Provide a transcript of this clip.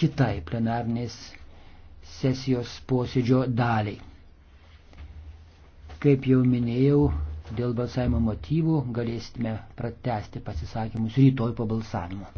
kitai plenarnės sesijos posėdžio daliai. Kaip jau minėjau, dėl balsavimo motyvų galėsime pratesti pasisakymus rytoj po balsavimo.